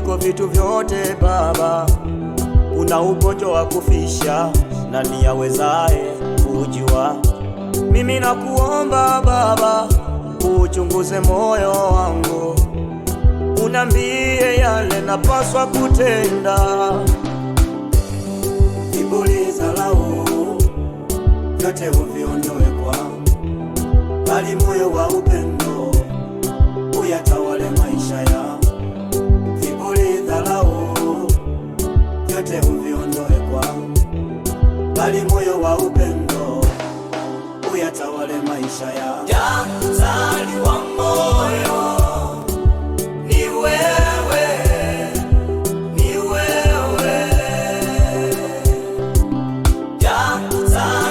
kuliko vitu vyote Baba. Kuna ugonjwa wa kufisha, nani yawezaye kujua? Mimi nakuomba Baba, uchunguze moyo wangu, unambie yale napaswa kutenda. Kiburi, dharau vyote uviondoe kwangu, bali moyo wa upendo uyatawa usiondoe kwangu, bali moyo wa upendo uyatawale maisha yangu. Daktari wa moyo ni wewe, ni wewe Daktari